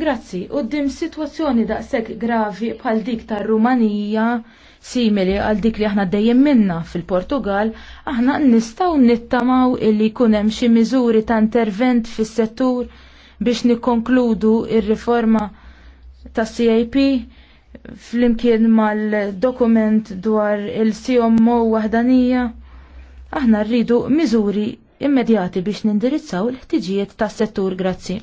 S3: Grazzi, u dim situazzjoni daqseg gravi bħal dik tar rumanija simili għal dik li aħna dejjem minna fil-Portugal, aħna nistaw nittamaw illi kunem xi miżuri ta' intervent fis-settur biex nikkonkludu ir-riforma ta' CIP flimkien mal-dokument dwar il-CMO wahdanija. Aħna rridu miżuri immedjati biex nindirizzaw l-ħtiġijiet tas-settur grazzi.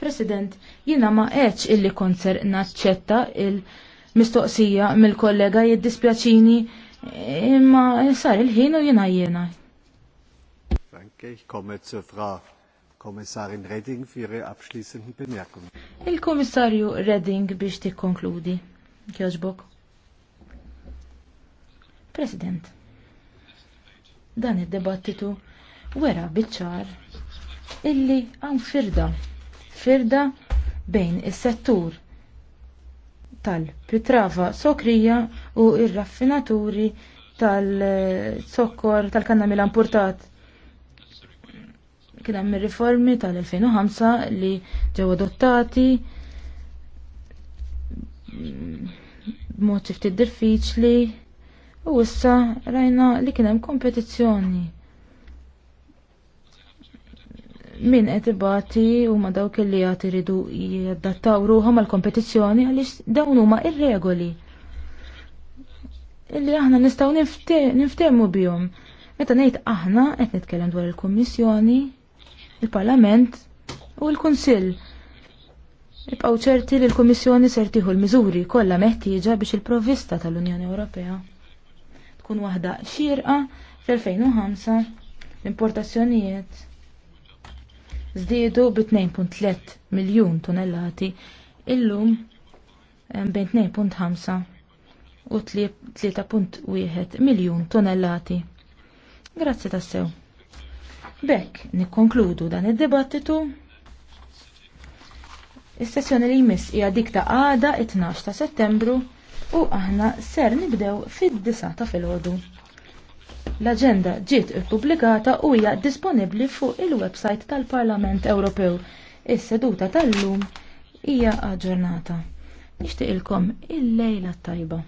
S3: President, jina ma eċ illi konser naċċetta il-mistoqsija mill-kollega jiddispjaċini imma sar il-ħin u jina jena.
S1: Danke, ich komme zur Frau Kommissarin Redding für ihre abschließenden Bemerkungen.
S3: Il-Kommissarju Redding biex tikkonkludi. Kjoġbok. President, dan id-debattitu wera biċċar illi għan firda firda bejn is-settur tal-pritrava sokrija u r raffinaturi tal-sokkor tal-kannamila importat. Kien hemm ir-riformi tal-2005 li ġew adottati b'mod ftit diffiċli u issa rajna li kien hemm kompetizzjoni min qed ibati huma dawk li qed iridu jaddattaw ruhom għall kompetizzjoni għaliex dawn huma ir-regoli illi aħna nistgħu niftehmu bihom. Meta ngħid aħna qed nitkellem dwar il-Kummissjoni, il-Parlament u l-Kunsill. Ibqgħu ċerti li l-Kummissjoni ser tieħu l-miżuri kollha meħtieġa biex il-provvista tal-Unjoni Ewropea tkun waħda xierqa fl-2005 l-importazzjonijiet żdiedu bi 2.3 miljun tonnellati illum bejn 2.5 u 3.1 miljun tonnellati. Grazzi tassew. Bek, nikkonkludu dan id-dibattitu. Is-sessjoni li jmiss hija dik ta' għada 12 ta' Settembru u aħna ser nibdew fid disata ta' filgħodu. L-aġenda ġiet ippubblikata u hija disponibbli fuq il-website tal-Parlament Ewropew. Is-seduta tal-lum hija aġġornata. Nixtieqilkom il-lejla tajba.